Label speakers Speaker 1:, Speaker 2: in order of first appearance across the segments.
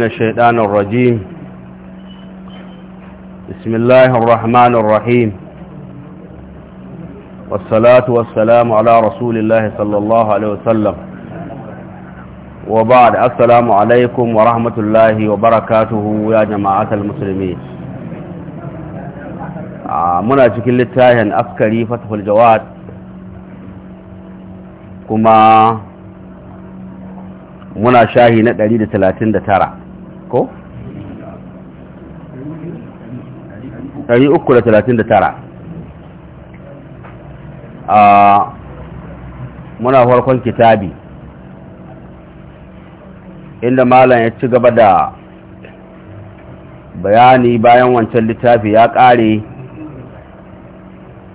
Speaker 1: من الشيطان الرجيم بسم الله الرحمن الرحيم والصلاة والسلام على رسول الله صلى الله عليه وسلم وبعد السلام عليكم ورحمة الله وبركاته يا جماعة المسلمين muna cikin littafin askari fatahul jawad kuma muna shahi na 139 ko? uku da tara a muna farkon kitabi inda malam ya ci gaba da bayani bayan wancan littafi ya ƙare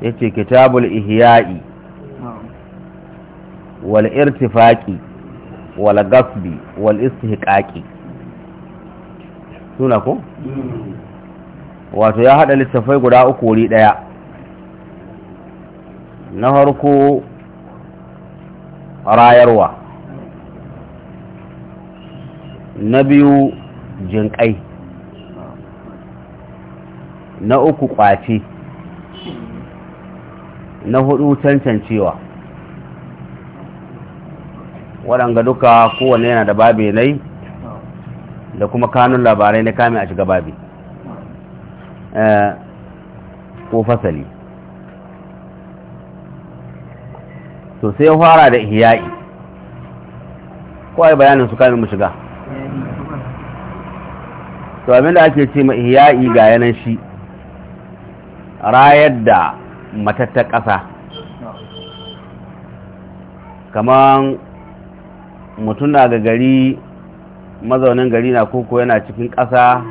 Speaker 1: ya ce kitabul ihya'i wal irtifaki wal gasbi wal istihikaki suna ko wato ya haɗa littafai guda uku wuri ɗaya na harko rayarwa na biyu jinƙai na uku ƙwace na hudu cancancewa waɗanga duka kowane yana da babi nai da kuma kanun labarai na kame a shiga babi eh, ko fasali to sai fara da ihya'i ko ai bayanin su kamin mu shiga to abinda ake ce ma ihya'i ga yanan shi rayar da matattar ƙasa kaman mutum na ga gari mazaunin gari na koko yana cikin ƙasa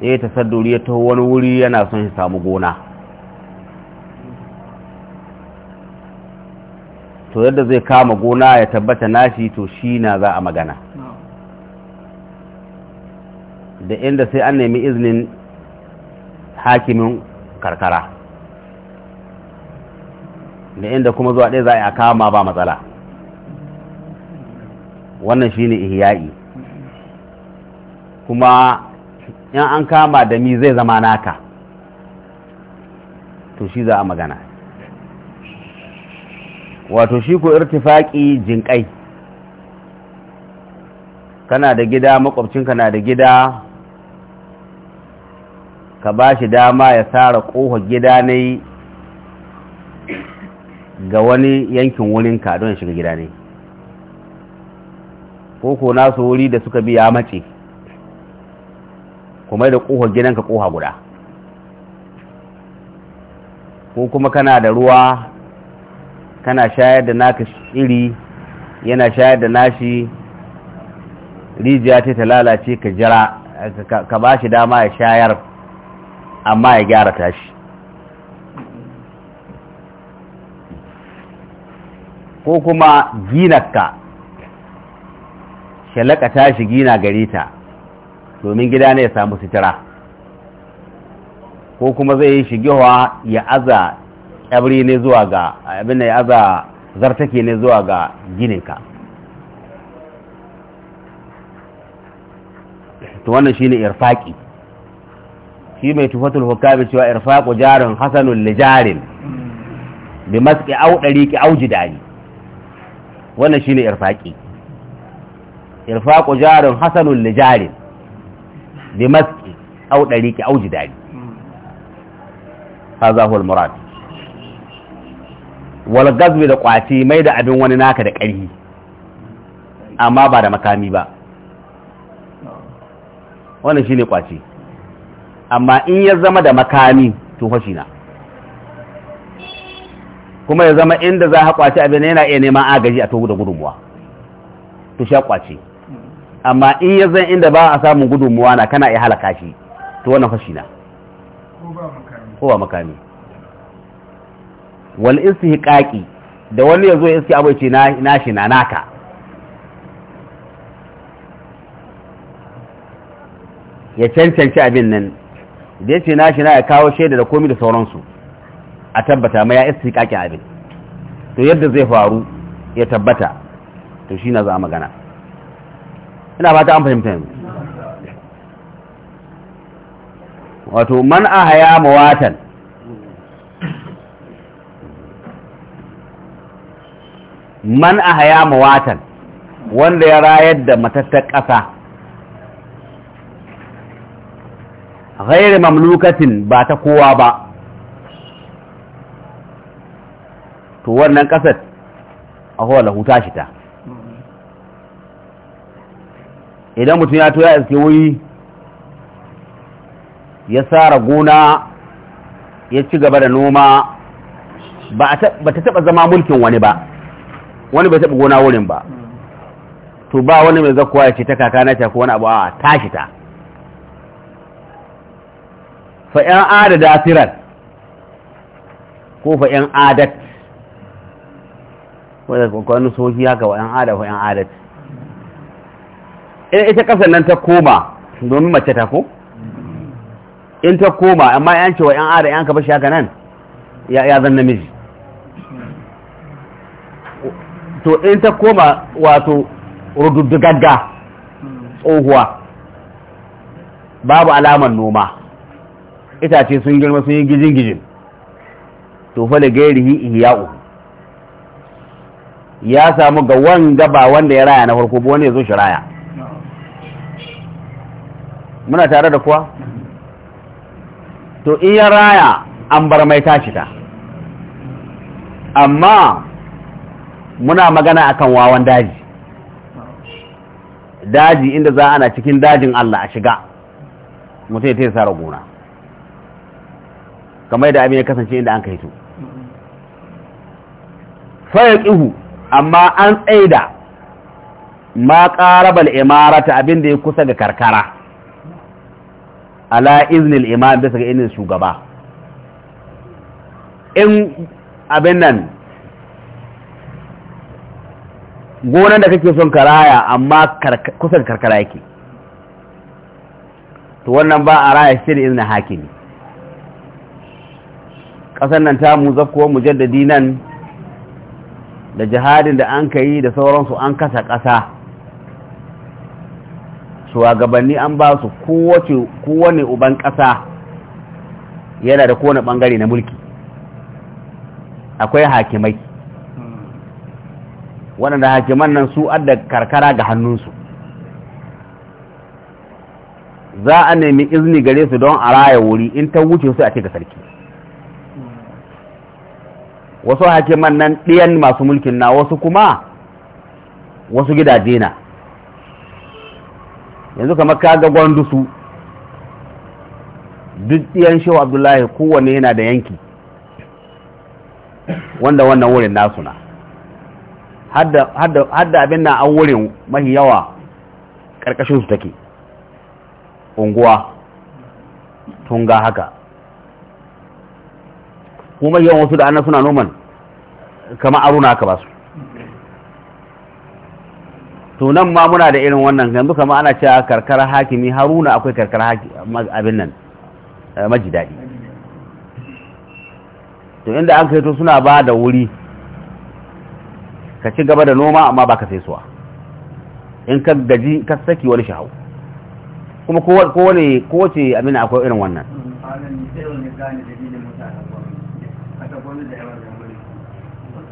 Speaker 1: ya yi tasadduri ya taho wani wuri yana son shi samu gona to yadda zai kama gona ya tabbata nashi to shi na za a magana da inda sai an nemi iznin hakimin karkara da inda kuma zuwa ɗaya za a kama ba matsala wannan shine ihya'i kuma in an kama da mi zai zama naka to shi za a magana wato shi ko irtifaki jinƙai kana da gida makwabcinka na da gida ka ba shi dama ya tsara ƙofar gida ne ga wani yankin wurinka don shiga gida ne ko ko nasu wuri da suka biya mace kuma da ƙofar gidanka koha guda ko kuma kana da ruwa kana shayar da naka iri yana shayar da nashi rijiya ta lalace ka jira ka ba shi dama ya shayar amma ya gyara tashi ko kuma ginaka. ya ta shi gina gare ta domin gida ne ya samu sitira ko kuma zai yi shigewa ya aza ƙyabri ne zuwa ga abin da ya aza zartake ne zuwa ga gininka to wannan shi ne irfaƙi shi mai tufatul hukami cewa irfaƙo jarin hasanun lijarin bi maski au ɗari ki auji dari wannan shi ne irfaƙi irfaqu jarin hasanun li jarin bi maski aw dariki aw jidari hadha huwa al-murad wal gazm da kwaci mai da abin wani naka da ƙarfi amma ba da makami ba wannan shine kwaci amma in ya zama da makami to fashi na kuma ya zama inda za a kwaci abin yana iya neman agaji a togo da gudunmuwa to sha kwaci amma in ya zan inda ba a samun gudunmuwa na kana iya halaka shi to wannan fashi na ko ba makami wal istihqaqi da wani yazo iski iske ce na na shi na naka ya cancanci abin nan da ya ce na shi na ya kawo shaida da komai da sauransu a tabbata ma ya istihqaqi abin to yadda zai faru ya tabbata to shi na za magana ina ba ta an fahimta yanzu wato man ahaya mawatan man ahaya mawatan wanda ya rayar da matattar ƙasa ghairi mamlukatin ba ta kowa ba to wannan ƙasar a huwa lahuta ta idan mutum ya toya iske wuri ya tsara gona ya ci gaba da noma ba ta taba zama mulkin wani ba wani bai taba gona wurin ba to ba wani mai zakuwa ya ce ta kaka na ko wani abu a tashi ta fa'yan adada asirar ko fa'yan adat wadda kwakwani soji haka wa'yan adada fa'yan adat in eh, ita kasar nan ta koma domin mace ta ko in ta koma amma yan cewa yan ara yan kaba shi haka nan ya zan namiji to in ta koma wato rududdugagga tsohuwa babu alamar noma itace sun girma sun yi gijin-gijin to fa da gairihi ihya'u ya samu ga wanga ba wanda ya raya na farko ba wanda ya zo shi raya muna tare da kuwa to in ya raya an bar mai tashi ta amma muna magana akan wawan daji daji inda za ana cikin dajin Allah a shiga mutum ya tsara gona kamar da abin ya kasance inda an kai to faya ƙihu amma an tsaida ma ƙarabal imarata abin da ya kusa ga karkara ala iznil imam bisa ga inin shugaba in abin nan gonan da kake son karaya amma kusan karkara yake to wannan ba a raya shi da izinin hakimi ƙasar nan ta mu zafkuwar mujaddadi nan da jihadin da an ka da sauransu an kasa ƙasa shugabanni an ba su kowane uban ƙasa yana da kowane ɓangare na mulki akwai hakimai waɗanda hakiman nan su adda karkara ga hannunsu za a nemi izini gare su don a raya wuri in ta wuce su a ce ga sarki wasu hakiman nan ɗiyan masu mulkin na wasu kuma wasu gidaje na yanzu kamar ga gwandusu duk ɗiyan shehu abdullahi kowane yana da yanki wanda wannan wurin nasu na hadda abin na an wurin mahi yawa ƙarƙashinsu take unguwa tun ga haka kuma yawan wasu da ana suna noman kama aruna ka ba su to nan ma muna da irin wannan yanzu kama ana cewa karkar hakimi haruna akwai karkar abin nan eh, maji daɗi to inda an kai to suna ba da wuri ka ci gaba da noma amma ba ka sai suwa in ka gaji ka saki wani shahau kuma kowane kowace amina akwai irin wannan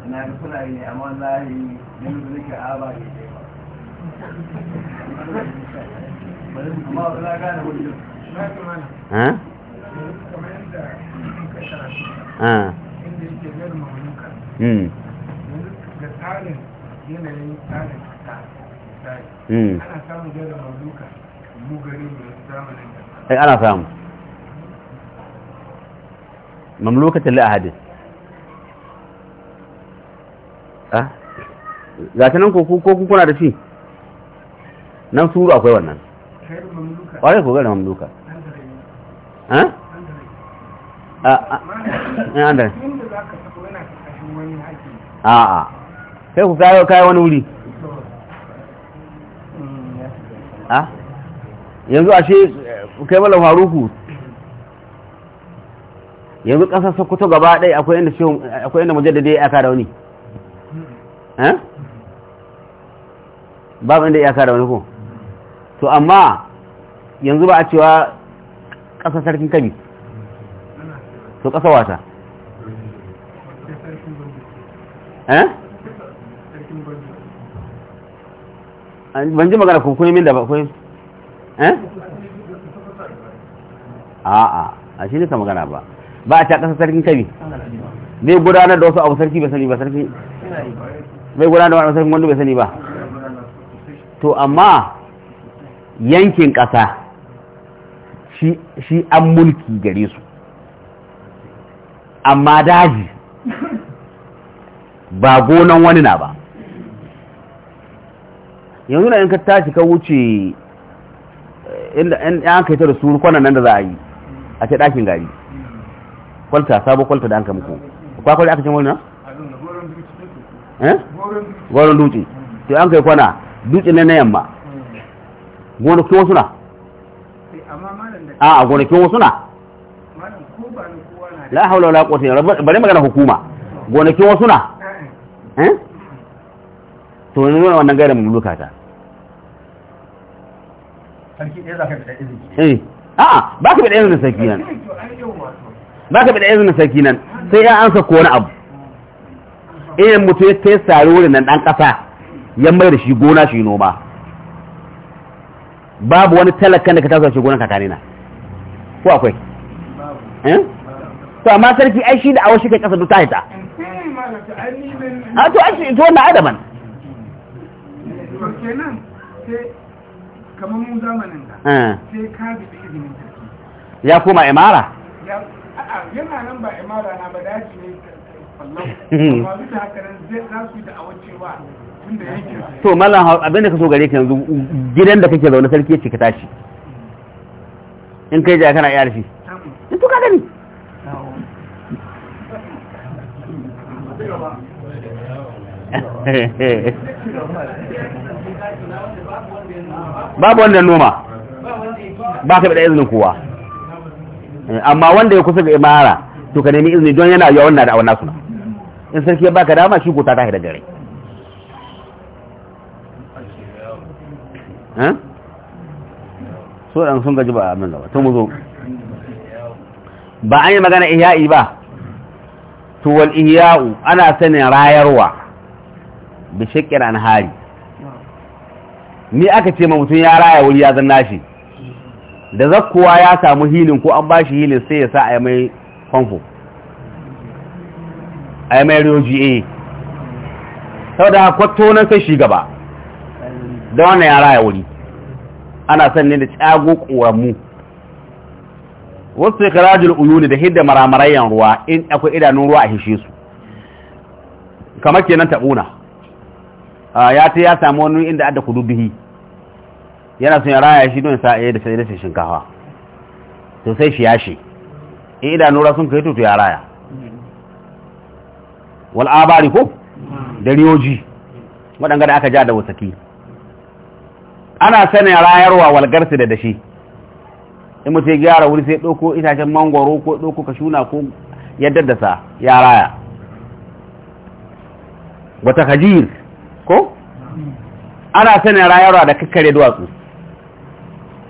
Speaker 2: na ga kuna yi amma wallahi yanzu nake aba ne Hmm. Hmm.
Speaker 1: Eh, ana samu mamlukatan la'ahadin za ah? ta nan ko kuna da shi nan suru akwai wannan ƙwarai ko gari mamluka a'a sai ku a a wani wuri a yanzu a a a a a yanzu ƙasar sokoto gaba ɗaya akwai inda da ya aka da wani babu inda ya aka da wani ko to amma yanzu ba a cewa ƙasa sarkin kabi to ƙasa wata eh? ban ji magana kukuni min da ba kuwa eh? a'a a shi ne ka magana ba ba a ta ƙasa sarkin kabi zai gudanar da wasu abu sarki bai sani ba sarki bai gudanar da wasu sarki wanda bai sani ba to amma yankin ƙasa shi an mulki gare su amma daji ba gonan wani na ba yanzu na yanka ka tashi ka wuce eh, inda an kai ta da su kwanan nan da za a yi a ce ɗakin gari kwalta sabo kwalta da an kamko kwakwari aka ce wani na? Eh? goron dutse to an kai kwana dutse na na yamma gonakin wasu na
Speaker 2: eh, a gonakin wasu na la haula
Speaker 1: wala quwwata illa billah bare magana hukuma gonakin wasu na eh, eh? to ne nuna wannan gairin mulka ta
Speaker 2: sarki ɗaya zaka da izini
Speaker 1: eh a'a baka bi da sarki nan eh, baka bi da sarki nan sai ya ansa ko wani abu iya mutum ya tsare wurin nan dan kasa ya mai da shi gona shi noma babu wani talakan da ka taso shi gonan kakane na ko akwai eh? to amma sarki ai shi da awo shi kai kasa duk ta hita a ah, to ai to wannan adaman
Speaker 2: kenan eh.
Speaker 1: ya koma imara
Speaker 2: yana nan ba imara na ba daji ne sallau amma duk haka nan zai za su da awo cewa
Speaker 1: to mallam abin da ka so gare ka yanzu gidan da kake zaune sarki ya ce ka tashi in kai ja kana yarfi
Speaker 2: in to ka gani babu wanda noma ba ka bi da izinin
Speaker 1: kowa amma wanda ya kusa ga imara to ka nemi izini don yana yawon na da awon nasu in sarki ya baka dama shi ko ta tahi da gare Eh? so ɗan sun gaji ba a ba ba an yi magana iya'i ba tuwal iya'u ana sanin rayarwa da shakir an hari ni aka ce ma mutum ya raya wuri ya zanna nashi da zakkuwa ya samu hilin ko an bashi hilin sai ya sa a yi mai kwamfo a yi mai riyoji sau da nan sai shi gaba da wannan yara ya wuri ana son ne da tsago ƙoramu wasu ka rajul uyuni da hidda maramarayen ruwa in akwai idanun ruwa a hishe su kamar kenan tabuna ya ta ya samu wani inda adda kudu bihi yana son ya shi don sa da sai da shinkafa to sai shi yashi in idanun ruwa sun kai tutu ya raya wal abari ko mm. da riyoji waɗanda da aka ja da wasaki ana sanin rayarwa walgarsu da dashi in mutum ya gyara wuri sai ɗoko itacen mangoro ko ka kashuna ko yadda da sa ya raya wata hajiyar ko ana sanin rayarwa da kakkare duwatsu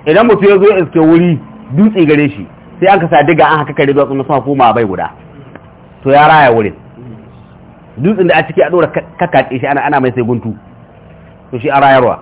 Speaker 1: idan mutu ya zo iske wuri dutse gare shi sai an kasa diga an haka kakkare duwatsu na sama koma bai guda to ya raya wurin dutsen da a ciki a ɗora kakkace shi ana mai sai guntu to shi a rayarwa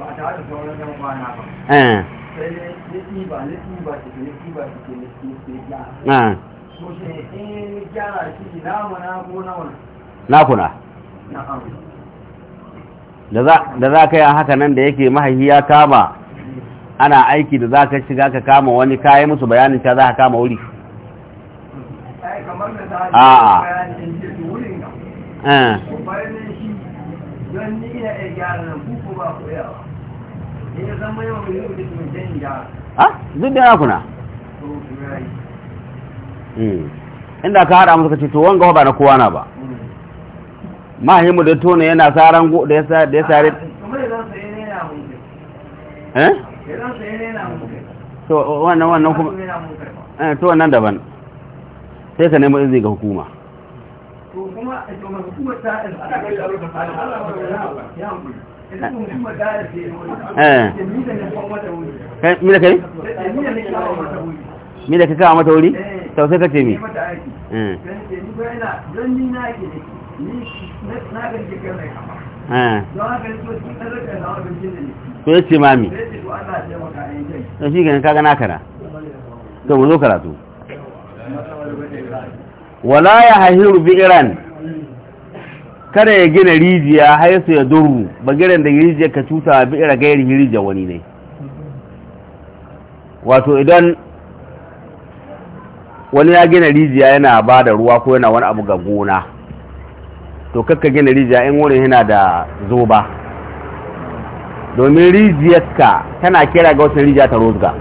Speaker 2: da sauran eh.
Speaker 1: na kuna da za ka yi haka nan da yake mahaifi ya kama ana aiki da za ka shiga ka kama wani kayan musu bayanin ta za ka kama wuri
Speaker 2: Ko bayanin eh. shi don ni gyara nan ba koyawa
Speaker 1: ah duk kuna inda ka haɗa musu ka ce to wanga ba na kowa na ba mahimu da tona yana saran go da ya da ya sare
Speaker 2: to wannan kuma
Speaker 1: eh to wannan daban sai ka nemo izini ga hukuma
Speaker 2: to kuma to ta ya Eh. Eh, mi da kai? mi da mata wuri? ka ce mi? Eh. ya ce mami
Speaker 1: shi kaga to mu zo karatu wala ya hahiru bi iran kada ya gina rijiya haisu ya duru bagiran da rijiya ka cuta bi ira rijiya wani ne wato idan wani ya gina rijiya yana ba da ruwa ko yana wani abu ga gona to kakka gina rijiya in wurin yana da zoba domin rijiyar ka tana kira ga wasu rijiya ta rozga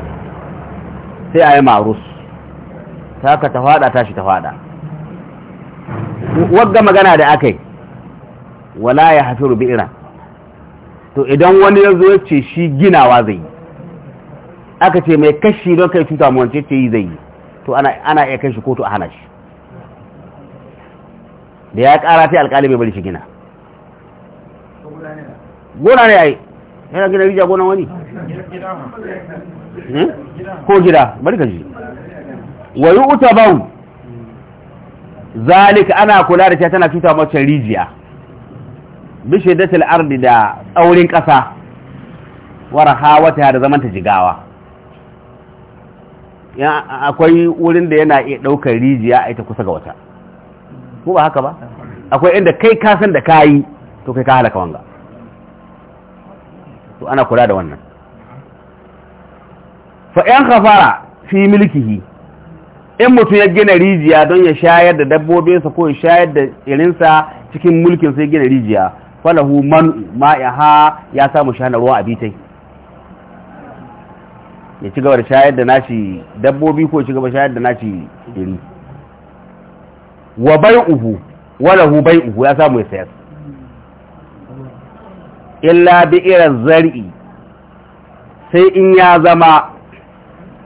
Speaker 1: sai a yi marus ta ka ta fada tashi ta magana da aka yi wala ya hafiru bi'ira to idan wani ya zo ya ce shi ginawa zai yi aka ce mai kashi don kai cuta mu wance ce yi zai yi to ana iya kai shi kotu a hana shi da ya kara sai alkali bai bari shi gina gona ne ai yana gina rija gona wani
Speaker 2: hmm? ko
Speaker 1: gida bari ka ji wayu yi uta bau zalika ana kula da ta tana cuta mace rijiya bishe da ardi da tsaurin ƙasa wara hawata da zamanta jigawa akwai wurin da yana iya ɗaukar rijiya a ita kusa ga wata ko ba haka ba akwai inda kai kasan da kayi to kai ka halaka wanga to ana kula da wannan fa yan khafara fi milkihi in mutum ya gina rijiya don ya shayar da dabbobinsa ko ya shayar da irinsa cikin mulkin sai gina rijiya falahu man'u yaha ya samu shana ruwa a bitai ya ci gaba da shayar da nashi dabbobi ko ci gaba shayar da nashi iri wa bai'uhu walahu bai'uhu ya samu ya sayar illa bi irin zari'i sai in ya zama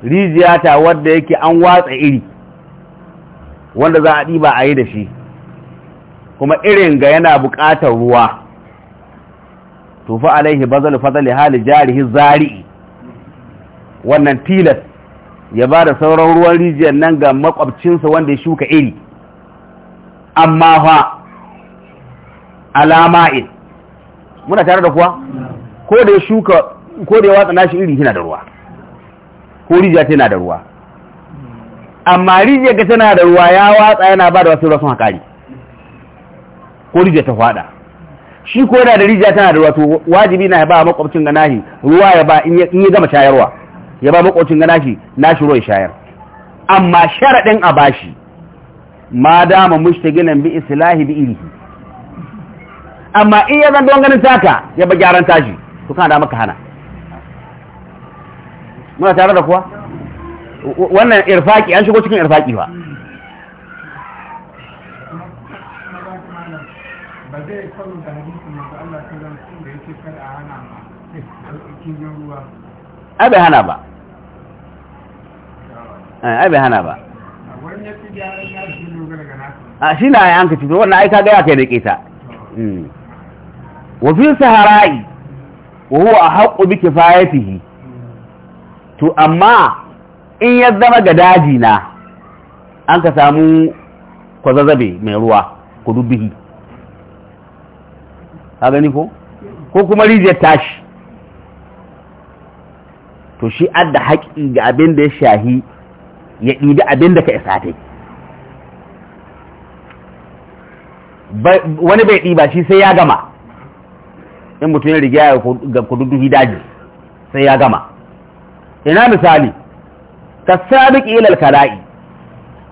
Speaker 1: rijiyata wadda yake an watsa iri wanda za a ɗiba a yi da shi kuma irin ga yana buƙatar ruwa to fa alaihi bazal fadali hali jarihi zari wannan tilas ya ba da sauran ruwan rijiyar nan ga makwabcinsa wanda ya shuka iri amma fa alama'in muna tare da kuwa ko da ya shuka ko da ya watsa nashi iri yana da ruwa ko rijiya tana da ruwa amma rijiyar ga tana da ruwa ya watsa yana ba da wasu ruwa haƙari ko rijiya ta fada shi ko yana da rijiya tana da wato wajibi na ya ba makwabcin ga nashi ruwa ya ba in ya gama shayarwa ya ba makwabcin ga nashi nashi ruwa ya shayar amma sharaɗin a bashi ma dama mushtaginan bi islahi bi ilihi amma in ya zan don ganin taka ya ba gyaran tashi to kana da maka hana muna tare da kuwa wannan irfaki an shigo cikin irfaki ba ai bai hana ba eh, ai bai hana ba a ah, shi na ya an ka cito wannan aika gaya kai da keta hmm. wa fi sahara'i wa huwa ahqqu bi kifayatihi to amma in ya zama ga daji na an ka samu kwazazzabe mai ruwa ku dubbihi ka gani ko ko kuma rijiyar tashi to shi adda haƙi ga abin da ya shahi ya ɗibi abin da ka isa ta wani bai ɗiba shi sai ya gama in mutum ya riga ga kududduhi daji sai ya gama ina misali ka sabiƙi ilal kala'i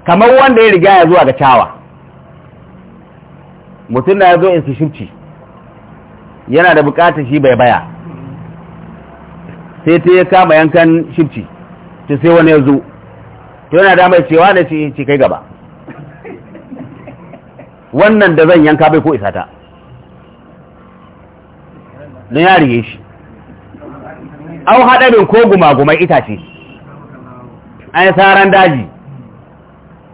Speaker 1: kamar wanda ya riga ya zuwa ga cawa mutum na ya zo in su shirci yana da bukatar shi bai baya sai ta ya kama yankan shibci ta sai wani ya zo to yana damar cewa da ce kai gaba wannan da zan yanka bai ko isa ta don ya riye shi au haɗarin ko gumagumai itace an yi tsaron daji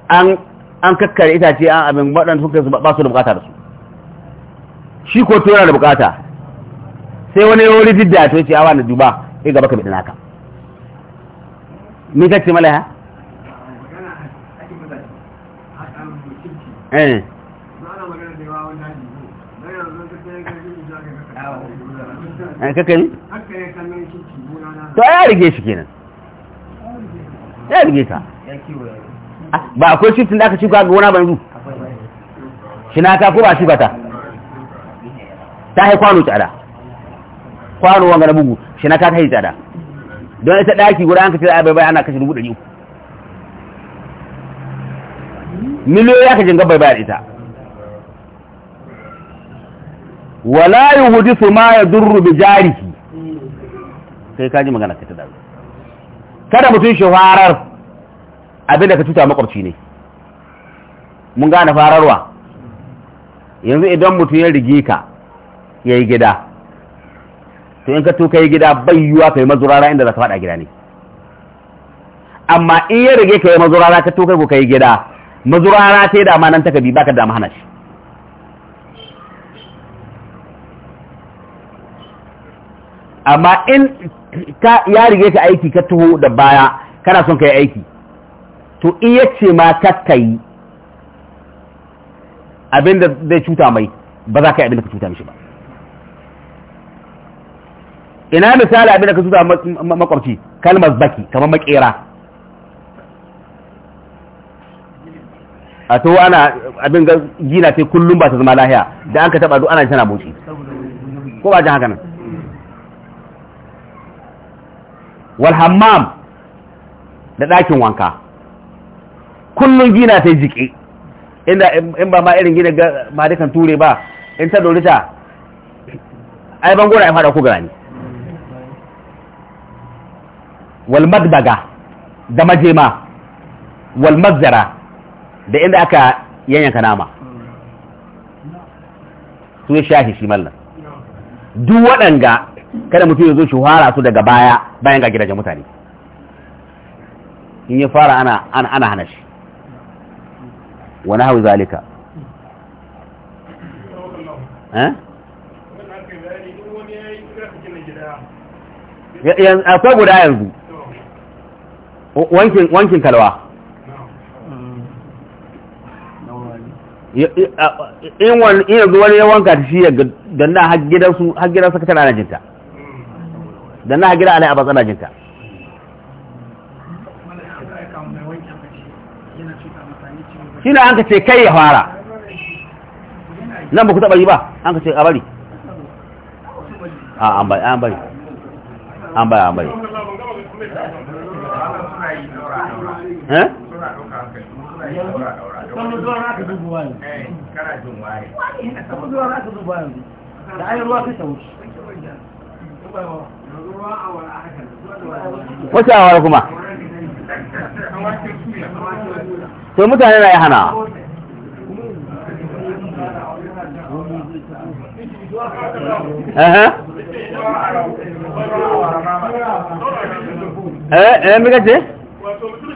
Speaker 1: an kakkare itace an abin waɗanda suka su ba su da bukata da su shi ko tura da bukata sai wani yawon didda to ce awa na duba. sai gaba ka bi naka eh. Eh, ni kace mala ha eh
Speaker 2: an kaka to ya rige shi kenan ya rige ta
Speaker 1: ba akwai cikin da aka shuka ga wani banzu shinaka ko ba shuka ta ta haikwano tsada kwano wanga na bugu shi na ta ta yi tsada don ita ɗaki guda an ka ce bai bai ana kashe dubu ɗari miliyoyi aka jinga bai bayan ita wala yi hudu su ma ya durru bi jariki sai kaji magana ka ta dawo kada mutum shi farar abinda ka cuta makwabci ne mun gane fararwa yanzu idan mutum ya rige ka ya yi gida to in ka to kai gida bai yiwa kai mazurara inda za ka fada gida ne amma in ya rage kai mazurara ka to kai ko kai gida mazurara sai da ma nan takabi baka da mahana shi amma in ka ya rige ka aiki ka taho da baya kana son kai aiki to in ce ma ka kai abinda zai cuta mai ba za ka yi abinda ka cuta mishi ba ina misali abin da ka zuwa makwabci kalmar baki kamar makera a to ana abin ga gina sai kullum ba ta zama lahiya da an ka taba duk ana tana boci ko ba ji haka nan wal hammam da ɗakin wanka kullum gina sai jiki inda in ba ma irin gina ga ma dukan ture ba in ta dorita ai bangora ya fara ku gani wal madbaga da majema wal mazzara da inda aka yanyanka nama su ya shahi shi mallan duk waɗanga kada mutum ya zo shi fara su daga baya bayan ga gidajen mutane in ya fara ana ana hana shi wani hau zalika eh? akwai guda yanzu wankin wankin kalwa
Speaker 2: in
Speaker 1: wani in yanzu wani ya wanka shi ya dan na har gidan su har gidan jinta dan na har gidan alai a batsana jinta
Speaker 2: shi na an ka ce kai ya fara nan ba ku taɓa yi ba an ka ce a bari an bari an bari an bari da eh? wace kuma to mutane na ya hana eh eh ce? Eh, eh,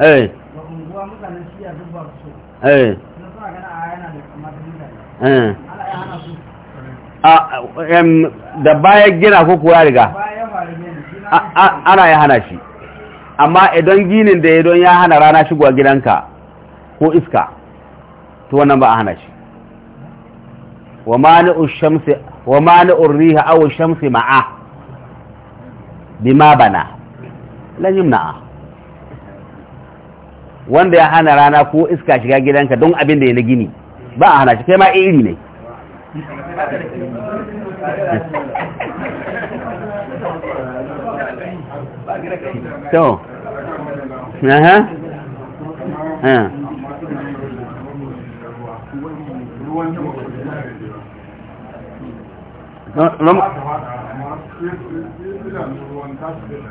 Speaker 1: eh, eh. da eh. bayan gina ko kuwa riga ana ya hana shi amma idan ginin da ya don ya hana rana shigowa gidanka ko iska to wannan ba a hana shi wa mani'u riha awo shamsi ma'a bima bana lan yumna'a wanda ya hana rana ko iska shiga gidanka don abin da ya na gini ba a hana shi kai ma iri
Speaker 2: ne